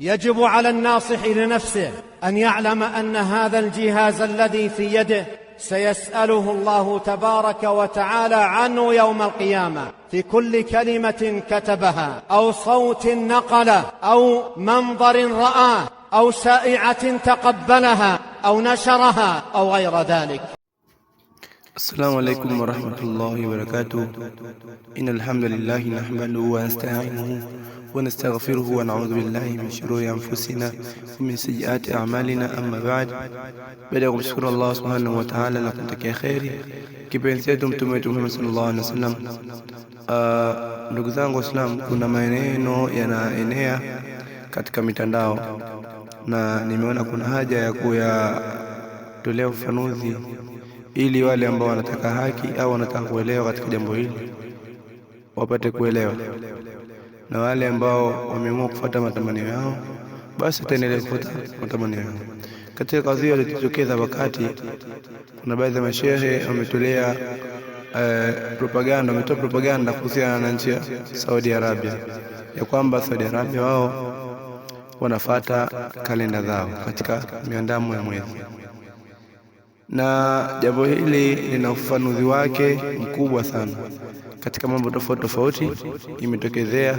يجب على الناصح لنفسه أن يعلم أن هذا الجهاز الذي في يده سيسأله الله تبارك وتعالى عنه يوم القيامة في كل كلمة كتبها أو صوت نقله أو منظر رآه أو سائعة تقبلها أو نشرها أو غير ذلك Assalamu alaikum warahmatullahi wabarakatuh. Innal hamdalillah nahmaduhu wa nasta'inuhu wa nastaghfiruhu wa na'udhu billahi min shururi anfusina wa min sayyiati a'malina amma ba'd. Baada ya kumshukuru Allah subhanahu wa ta'ala na kumtakia kheri kipenzi chetu Mtume wetu Muhammad sallallahu alaihi wasallam, ah, ndugu zangu Waislamu, kuna maneno yanaenea katika mitandao na nimeona kuna haja ya kuyatolea ufafanuzi ili wale ambao wanataka haki au wanataka kuelewa katika jambo hili wapate kuelewa, na wale ambao wameamua kufuata matamanio yao basi wataendelea kufuata matamanio yao. Katika kadhia ilitokeza wakati kuna baadhi ya mashehe wametolea eh, propaganda, wametoa propaganda kuhusiana na nchi ya Saudi Arabia ya kwamba Saudi Arabia wao wanafata kalenda zao katika miandamo ya mwezi na jambo hili lina ufafanuzi wake mkubwa sana katika mambo tofauti tofauti, imetokezea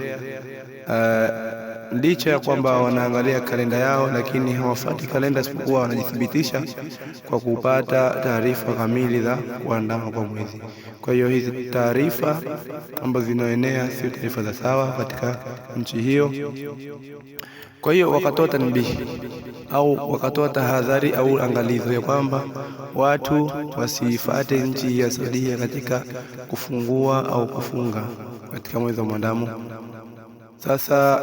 uh, licha ya kwamba wanaangalia kalenda yao, lakini hawafati kalenda, isipokuwa wanajithibitisha kwa kupata taarifa kamili za kuandama kwa mwezi. Kwa hiyo hizi taarifa ambazo zinaenea sio taarifa za sawa katika nchi hiyo. Kwa hiyo wakatoa tanbihi au wakatoa tahadhari au angalizo ya kwamba watu wasifate nchi ya Saudia katika kufungua au kufunga katika mwezi wa mwandamo. Sasa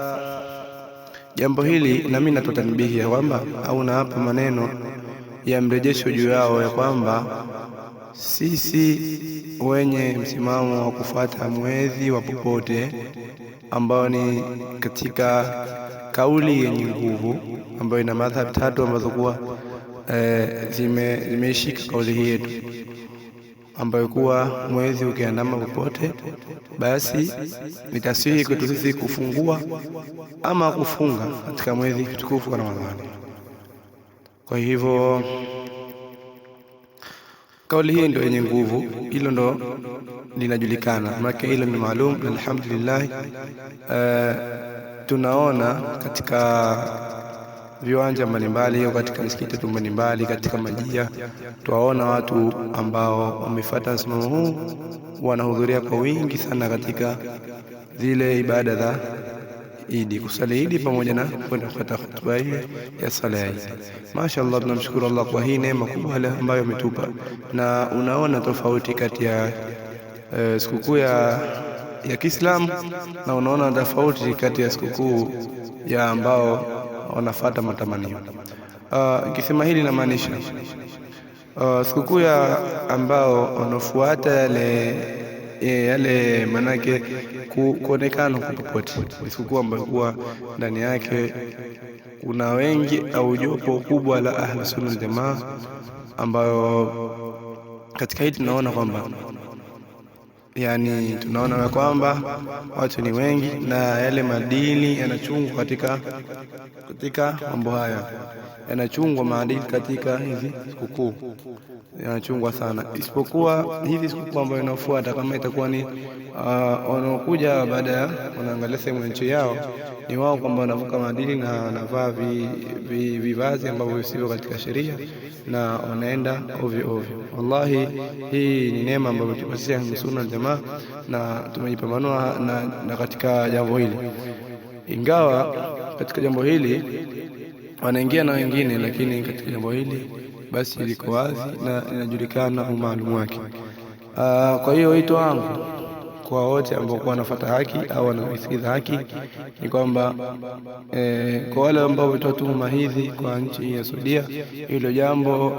Jambo hili nami natoa tanbihi ya kwamba au naapa maneno ya mrejesho juu yao ya kwamba sisi wenye msimamo wa kufuata mwezi wa popote ambao ni katika kauli yenye nguvu ambayo ina madhhab tatu ambazo kuwa eh, zimeishika kauli hii yetu ambayo kuwa mwezi ukiandama popote, basi nitasihi kwetu sisi kufungua ama kufunga katika mwezi mtukufu wa Ramadhani. Kwa hivyo kauli hii ndio yenye nguvu, hilo ndo linajulikana, maanake hilo ni maalum. Alhamdulillah, uh, eh, tunaona katika viwanja mbalimbali au katika misikiti tu mbalimbali katika majia, twaona watu ambao wamefuata msimamo huu wanahudhuria kwa wingi sana katika zile ibada za Idi, kusali Idi pamoja na kwenda kufuata hutuba hii ya sala ya Idi. Mashaallah, tunamshukuru Allah kwa hii neema kubwa ambayo ametupa, na unaona tofauti kati ya eh, sikukuu ya ya Kiislamu na unaona tofauti kati ya sikukuu ya ambao wanafata matamanio. uh, hili uh, sikukuu ya ambao wanafuata yale yale manake kuonekana huko popote, sikukuu ambayo kuwa ndani yake kuna wengi au jopo kubwa la ahlusunna jamaa, ambayo katika hii tunaona kwamba Yani tunaona ya kwamba watu ni wengi na yale madini yanachungwa katika katika mambo haya, yanachungwa maadili katika hizi sikukuu, yanachungwa sana, isipokuwa hivi sikukuu ambayo inafuata, kama itakuwa ni uh, wanaokuja uh, baada ya wanaangalia sehemu ya nchi yao, ni wao kwamba wanavuka maadili na wanavaa vivazi ambavyo visivyo katika sheria na wanaenda ovyo ovyo. Wallahi, hii ni neema ambayo tupatia msuna jamaa na tumejipambanua na, na katika jambo hili, ingawa katika jambo hili wanaingia na wengine, lakini katika jambo hili basi liko wazi na inajulikana umaalumu wake. Ah, kwa hiyo wito wangu kwa wote ambao kwa wanafuata haki au wanaisikiza haki ni kwamba eh, kwa wale ambao wametoa tuhuma hizi kwa nchi ya Saudia, hilo jambo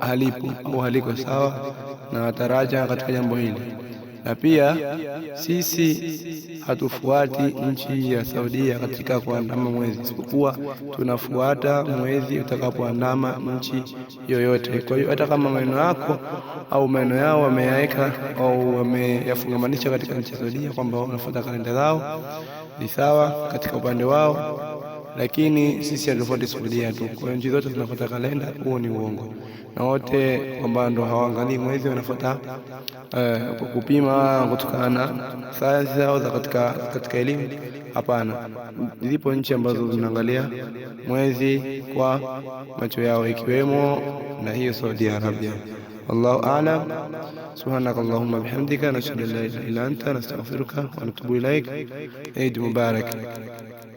halipo au haliko sawa na taraja katika jambo hili na pia sisi hatufuati nchi ya Saudia katika kuandama mwezi, isipokuwa tunafuata mwezi utakapoandama nchi yoyote. Kwa hiyo hata kama maneno yako au maneno yao wameyaweka au wameyafungamanisha katika nchi ya Saudia kwamba wanafuata kalenda zao, ni sawa katika upande wao lakini sisi hatufuati sukudia tu. Kwa hiyo nchi zote zinafuata kalenda, huo ni uongo, na wote kwamba ndo hawaangalii mwezi, wanafuata uh, kupima kutokana na sayansi zao za katika, katika elimu. Hapana, zipo nchi ambazo zinaangalia mwezi kwa macho yao, ikiwemo na hiyo Saudi Arabia. Wallahu a'lam. Subhanaka Allahumma bihamdika nashhadu an la ilaha illa anta nastaghfiruka wa natubu ilaik. Eid mubarak.